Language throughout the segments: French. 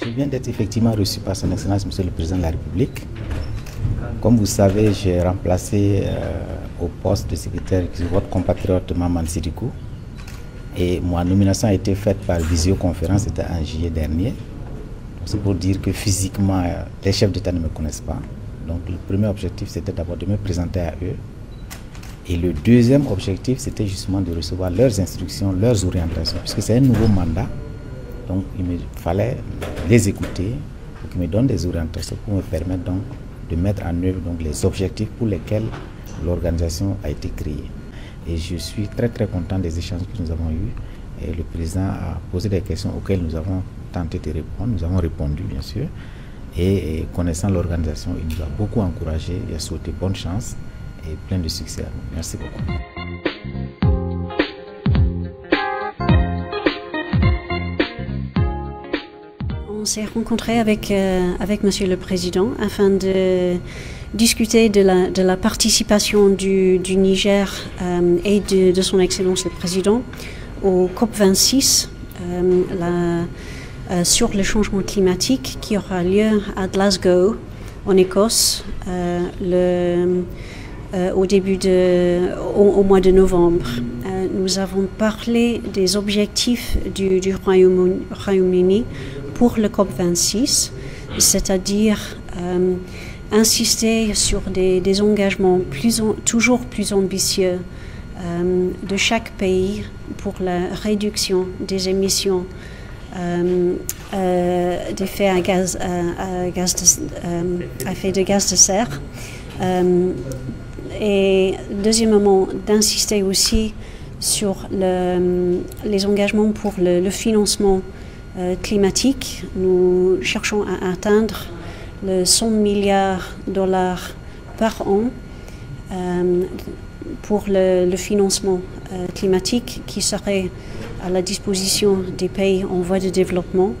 Je viens d'être effectivement reçu par Son Excellence, Monsieur le Président de la République. Comme vous savez, j'ai remplacé euh, au poste de secrétaire votre compatriote Maman Sidikou. Et ma nomination a été faite par visioconférence, c'était en juillet dernier. C'est pour dire que physiquement, euh, les chefs d'État ne me connaissent pas. Donc le premier objectif, c'était d'abord de me présenter à eux. Et le deuxième objectif, c'était justement de recevoir leurs instructions, leurs orientations, puisque c'est un nouveau mandat. Donc il me fallait les écouter pour qu'ils me donnent des orientations pour me permettre de mettre en œuvre donc les objectifs pour lesquels l'organisation a été créée. Et je suis très très content des échanges que nous avons eus. Et le président a posé des questions auxquelles nous avons tenté de répondre. Nous avons répondu bien sûr. Et, connaissant l'organisation, il nous a beaucoup encouragé et a souhaité bonne chance et plein de succès Merci beaucoup. On s'est rencontré avec, M. Euh, avec Monsieur le Président afin de discuter de la, participation du, Niger euh, et de, Son Excellence le Président au COP26 euh, sur le changement climatique qui aura lieu à Glasgow, en Écosse, au, début de, au, mois de novembre nous avons parlé des objectifs du, du Royaume-Uni pour le COP26, c'est-à-dire euh, insister sur des, engagements toujours plus ambitieux euh, de chaque pays pour la réduction des émissions euh, euh d'effets à, gaz, à, de, gaz de serre. et deuxièmement, d'insister aussi sur les engagements pour le financement euh, climatique. Nous cherchons à atteindre le 100 milliards de dollars par an euh, pour le, financement euh, climatique qui serait à la disposition des pays en voie de développement.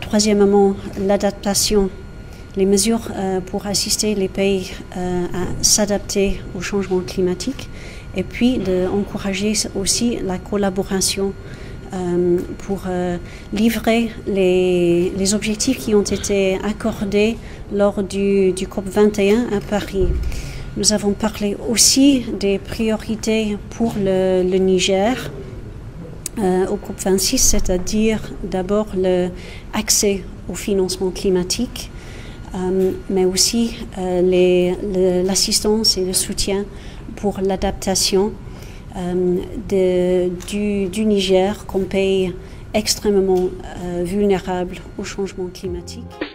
troisièmement, l'adaptation les mesures pour assister les pays à s'adapter au changement climatique et puis d'encourager aussi la collaboration euh, pour euh, livrer les, objectifs qui ont été accordés lors du, COP 21 à Paris. Nous avons parlé aussi des priorités pour le, Niger euh, au COP 26, c'est-à-dire d'abord l'accès au financement climatique, mais aussi l'assistance et le soutien pour l'adaptation euh, du, du, Niger qu'on paye extrêmement euh, vulnérable au changement climatique.